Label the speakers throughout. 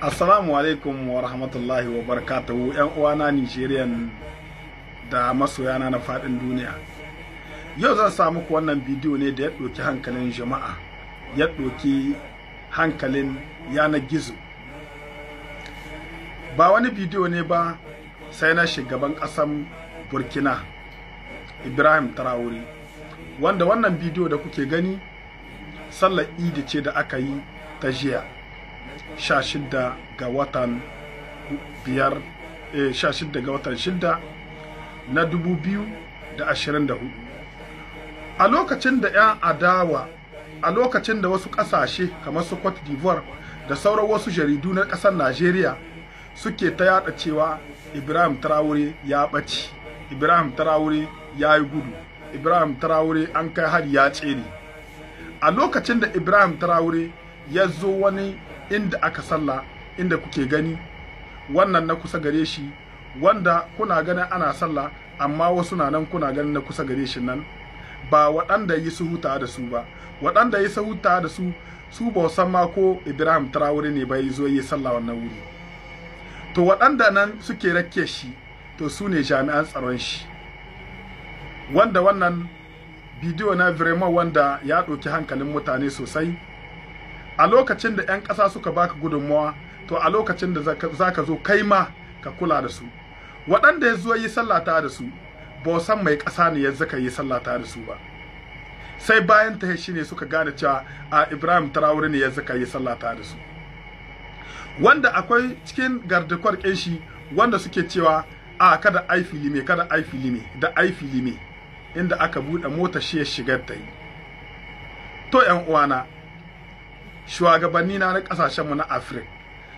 Speaker 1: assalamu alaikum wa rahmatullahi wa barakatuhu yan uwana nijeriya da masoyana na fadin duniya yau zan sa muku wannan bidiyo ne da ya ɗauki hankalin jama'a ya ɗoki hankalin yanar gizo ba wani bidiyo ne ba sai na shugaban ƙasan burkina ibrahim traore wanda wannan bidiyo da kuke gani sallar idi ce da aka yi ta jiya 16 ga watan 6 eh, na 2024 a lokacin da 'yan adawa a lokacin da wasu ƙasashe kamar su cote d'ivoire da sauran wasu jaridu na ƙasar najeriya suke ta yada cewa ibrahim traore ya ɓaci ibrahim traore ya yi gudu ibrahim traore an kai har ya tsere a lokacin da ibrahim traore ya zo wani inda aka sallah inda kuke gani wannan na kusa gare shi wanda kuna ganin ana sallah amma wasu na nan kuna ganin na kusa gare shi nan ba waɗanda yi su huta da su ba waɗanda yi su huta da su su ba san ma ko Ibrahim Traore ne ba ya zo yi sallah wannan wuri to waɗanda nan suke rakke shi to su ne jami'an tsaron shi wanda wannan bidiyo na vraiment wanda ya ɗauki hankalin mutane sosai a lokacin da 'yan ƙasa suka baka gudunmawa to a lokacin da za ka zo kai ma ka kula da su waɗanda ya zo yi sallata da su ba san mai ƙasa ne yanzu ka yi sallata da su ba sai bayan ta shi ne suka gane cewa a ibrahim tarawuri ne yanzu ka yi sallata da su wanda akwai cikin gardakwar ƙinshi wanda suke cewa a kada ai filime kada ai filime da ai filime inda aka buɗe mota shi ya shigar ta yi to 'yan uwana shugabanni na na mu na afirka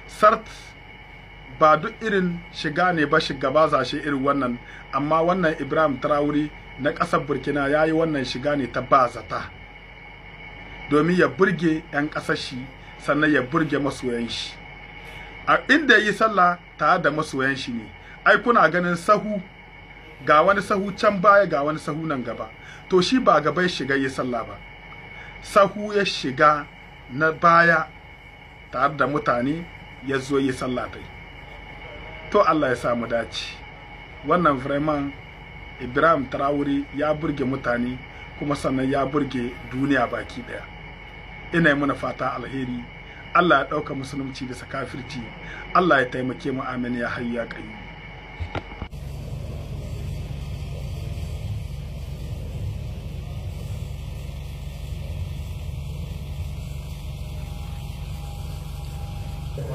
Speaker 1: sart ba duk irin shiga ne ba shigaba zashe irin wannan amma wannan ibrahim traore na ƙasar burkina ya yi wannan shiga ne ta bazata domin ya burge 'yan ƙasar shi sannan ya burge masoyan shi a inda yi sallah tare da masoyan shi ne ai kuna ganin sahu ga wani sahu can baya ga wani sahu nan gaba to shi ba gaba ya shiga yi sallah ba sahu ya shiga na baya tare da mutane ya zo yi sallatai to Allah ya samu dace wannan vraiment Ibrahim Traore ya burge mutane kuma sannan ya burge duniya baki daya ina yi muna fata alheri Allah ya ɗauka musulunci bisa kafirci Allah ya taimake mu amin ya hayya ya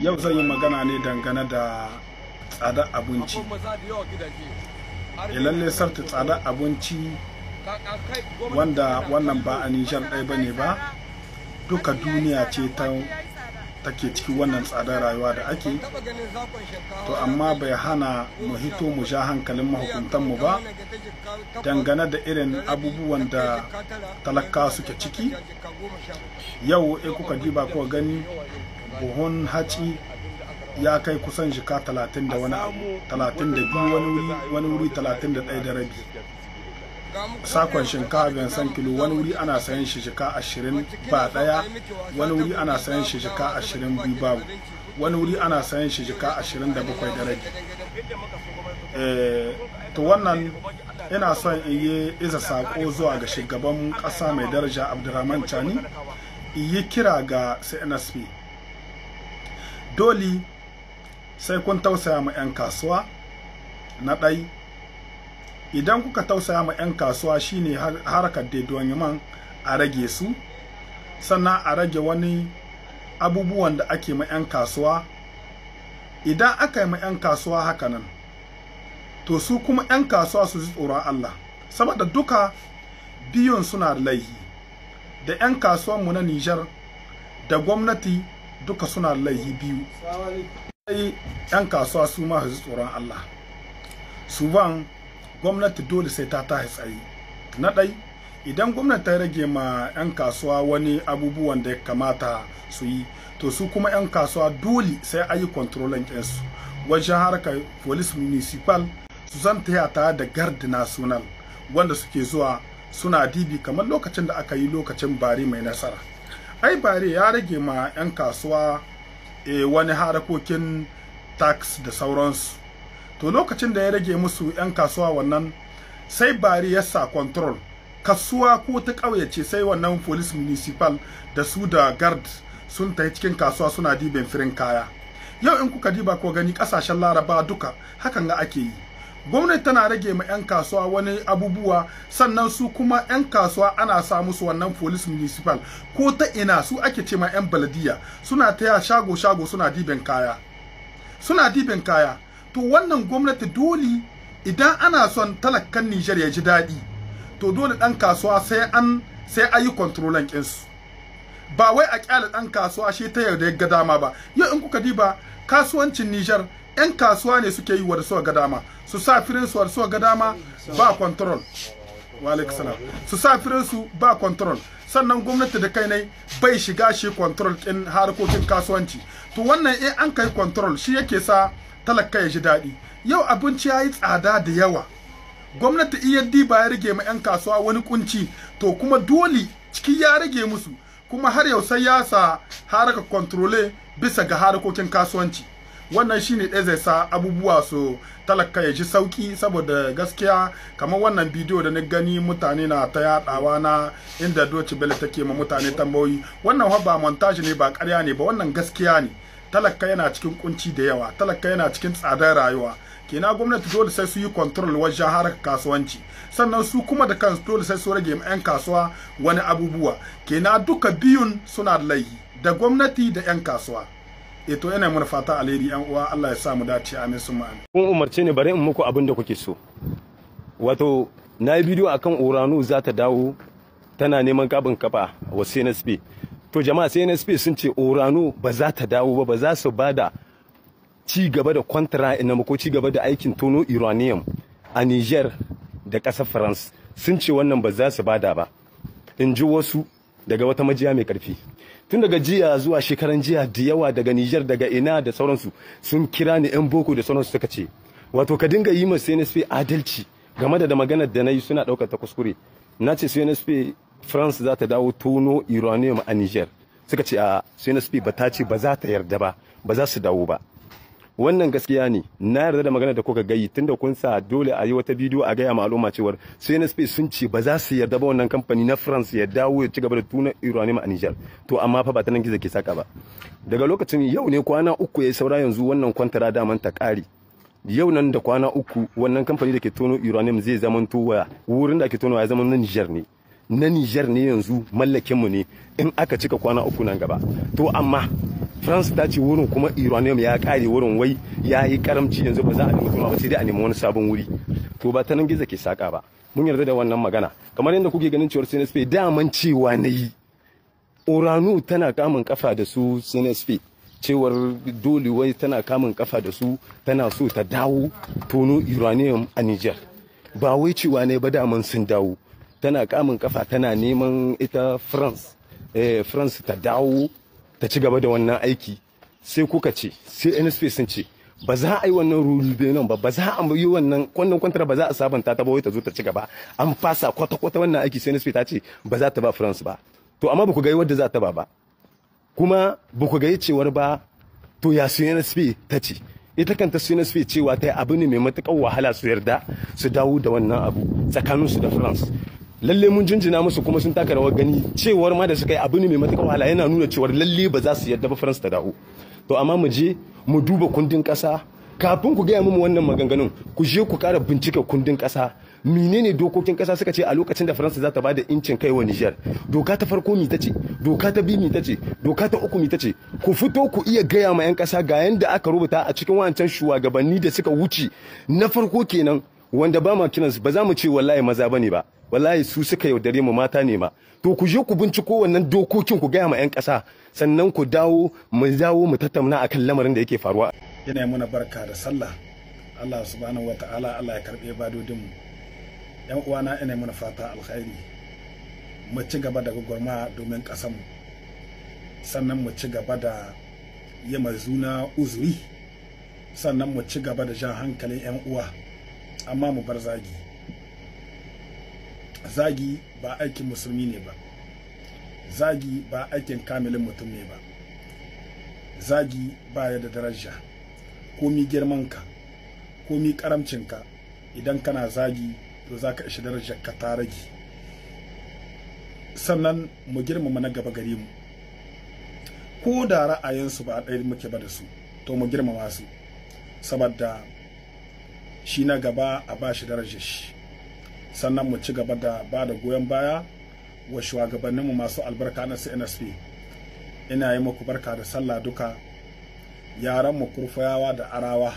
Speaker 1: yau zan yi magana ne dangane da tsadar abinci eh, lalle sarta tsadar abinci wanda wannan ba a nishar ɗaya ba ne ba duka duniya ce ta take ciki wannan tsadar rayuwa da ake to amma bai hana mu hito mu sha hankalin mu ba dangane da irin abubuwan da talaka suke ciki yau e kuka diba kuka gani buhun hatsi ya kai kusan shika talatin da wani abu talatin da wani wuri talatin da ɗaya da rabi sakon shinkafa san kilo wani wuri ana sayan shi shika ashirin ba ɗaya wani wuri ana sayan shi shika ashirin bi babu wani wuri ana sayan shi shika ashirin da bakwai da rabi eh, to wannan ina son in yi iza sako zuwa ga shugaban kasa mai daraja abdurrahman chani yi kira ga cnsp Doli sai kun tausaya ma 'yan kasuwa na ɗai idan kuka tausaya ma 'yan kasuwa shine harkar man a rage su sannan a rage wani abubuwan da ake ma 'yan kasuwa idan aka yi ma 'yan kasuwa hakanan to su kuma 'yan kasuwa su ji tsoron Allah saboda duka biyun suna da laihi da 'yan kasuwanmu na Nijar da gwamnati duka suna laihi biyu sai yan kasuwa su ma su tsoron Allah su ban gwamnati dole sai ta tahi tsaye na ɗai idan gwamnati ta rage ma yan kasuwa wani abubuwan da ya kamata su yi to su kuma yan kasuwa dole sai ayi din su wajen harkar police municipal su san tare da gardi national wanda suke zuwa suna dibi kamar lokacin da aka yi lokacin bari mai nasara ai bare ya rage ma 'yan kasuwa e, wani harakokin tax da sauransu to lokacin da ya rage musu 'yan kasuwa wannan sai bare ya sa control kasuwa ko ta ƙauye ce sai wannan police municipal da su da guard sun ta cikin kasuwa suna diben firin kaya yau in kuka diba ko gani ƙasashen laraba duka hakan ga ake yi gwamnati tana rage ma 'yan kasuwa wani abubuwa sannan su kuma 'yan kasuwa ana sa musu wannan police municipal ko ta ina su ake ce ma 'yan baladiya suna taya shago-shago suna diben kaya suna diben kaya to wannan gwamnati dole idan ana son talakan Nijar ya ji daɗi to dole ɗan kasuwa sai an sai a yi kontrolan ƙinsu ba wai a ƙyale ɗan kasuwa shi ta yarda ya ga dama ba yau in kuka diba kasuwancin Nijar 'yan kasuwa ne suke yi wa da ga dama su sa firinsu wa da ga dama ba kwantarol salam su sa firinsu ba kwantarol sannan gwamnati da kai nai bai shiga shi kwantarol ɗin harkokin kasuwanci to wannan in an kai kwantarol shi yake sa talaka ya ji daɗi yau abinci ya yi tsada da yawa gwamnati iya diba ya rage ma 'yan kasuwa wani kunci to kuma dole ciki ya rage musu kuma har yau sai ya sa haraka kwantarole bisa ga harkokin kasuwanci wannan shine ɗaya zai sa abubuwa su talaka ya ji sauki saboda gaskiya kamar wannan bidiyo da na gani mutane na ta yadawa na inda doci bele take ma mutane tambayoyi wannan ba montage ne ba ƙarya ne ba wannan gaskiya ne talaka yana cikin kunci da yawa talaka yana cikin tsadar rayuwa kena gwamnati dole sai su yi control wajen harkar kasuwanci sannan su kuma da kansu dole sai su rage 'yan kasuwa wani abubuwa kena duka biyun suna da laihi da gwamnati da 'yan kasuwa e to yana mana fata alheri yan uwa Allah ya sa mu dace amin summa amin
Speaker 2: kun umarce ne bari in muku abin da kuke so wato na yi bidiyo akan uranu za ta dawo tana neman kabin kafa wa CNSP to jama'a CNSP sun ce uranu ba za ta dawo ba ba za su bada ci gaba da kwantara ina ko ci gaba da aikin tono uranium a Niger da ƙasar France sun ce wannan ba za su bada ba in ji wasu daga wata majiya mai karfi tun daga jiya zuwa shekaran jiya da yawa daga Nijar daga ina da sauransu sun kira ni yan boko da sauransu suka ce wato ka dinga yi ma CNSP adalci game da maganar da na yi suna ɗaukar ta kuskure na ce CNSP France za ta dawo tono uranium a Nijar suka ce a CNSP ba ta ce ba za ta yarda ba ba za su dawo ba wannan gaskiya ne na yarda da magana da kuka gayi tunda kun sa dole a yi wata bidiyo a gaya ma al'umma cewar space sun ce ba za su yarda ba wannan kamfani na France ya dawo ya ci gaba da tuna uranium a Niger to amma fa ba ta nan gizo ke saka ba daga lokacin yau ne kwana uku ya yi saura yanzu wannan kwantara daman ta kari yau nan da kwana uku wannan kamfani da ke tono uranium zai zamanto wa wurin da ke tono ya zama na Niger ne na Niger ne yanzu mallakinmu ne in aka cika kwana uku nan gaba to amma france ta ce wurin kuma uranium ya kare wurin wai ya yi karamci yanzu ba za a nemi ba sai dai a nemi wani sabon wuri to ba ta nan gizo ke saka ba mun yarda da wannan magana kamar yadda kuke ganin cewar cnsp daman cewa na yi uranu tana kamun kafa da su cnsp cewar dole wai tana kamun kafa da su tana so ta dawo tono uranium a niger ba wai cewa ne ba daman sun dawo tana kamun kafa tana neman ita france eh, france ta dawo ta ci gaba da wannan aiki sai kuka ce sai nsp sun ce ba za a yi wannan da nan ba ba za a yi wannan wannan kwantar ba za a sabanta ta bawai wai ta zo ta ci gaba an fasa kwata kwata wannan aiki sai nsp ta ce ba za ta ba france ba to amma ba ku ga wadda za ta ba ba kuma ba ku ga cewar ba to ya su nsp ta ce ita kanta su nsp cewa ta yi abu ne mai matuƙar wahala su yarda su dawo da wannan abu tsakaninsu da france lalle mun jinjina musu kuma sun taka rawar gani cewar ma da suka yi abu ne mai matuƙar wahala yana nuna cewar lalle ba za su yadda ba faransa ta dawo to amma mu je mu duba kundin ƙasa kafin ku gaya mu wannan maganganun ku je ku kara bincika kundin ƙasa menene dokokin ƙasa suka ce a lokacin da faransa za ta bada incin kai wa nijar doka ta farko mi ta ce doka ta biyu mi ta ce doka ta uku mi ta ce ku fito ku iya gaya ma 'yan ƙasa ga yanda aka rubuta a cikin wancan shugabanni da suka wuce na farko kenan wanda ba ma kiransu ba za mu ce wallahi maza bane ba wallahi su suka yaudare mu mata ne ma to ku je ku binciko wannan dokokin ku gaya ma 'yan kasa sannan ku dawo mu dawo mu tattauna akan lamarin da
Speaker 1: yake faruwa yana muna barka da sallah Allah subhanahu wa ta'ala Allah ya karbe badodin mu yan uwana ina muna fata alkhairi mu ci gaba da gurma domin kasan mu sannan mu ci gaba da yi zuna uzuri sannan mu ci gaba da jan hankalin 'yan uwa amma mu bar zagi zagi ba aikin musulmi ne ba zagi ba aikin kamilin mutum ne ba zagi ba ya da daraja komi girmanka komi ka idan kana zagi to za ka ishi darajar ka ta sannan mu girmama na gaba gare mu ko da ra'ayinsu ba a ɗaya muke ba da su to mu girmama su saboda shi na gaba a ba shi darajar shi sannan mu ci gaba da ba da goyon baya wa shugabanninmu masu albarka na CNSP ina yi muku barka da sallah duka yaran mu kurfayawa da arawa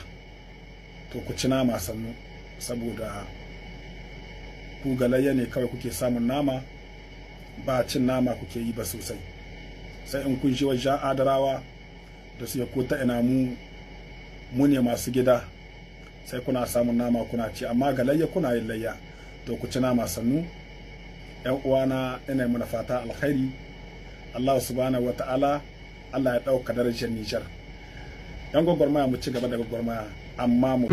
Speaker 1: to ku ci nama sannu saboda ku galayya ne kawai kuke samun nama ba cin nama kuke yi ba sosai sai in kun ji wajen adarawa da su ya ko ina mu mu ne masu gida sai kuna samun nama kuna ci amma ga layya kuna yin layya to ku ci nama sannu yan uwana ina muna fata alkhairi Allah subhanahu wata'ala Allah ya ɗauka darajar Nijar yan gwagwarmaya mu ci gaba da gwagwarmaya amma mu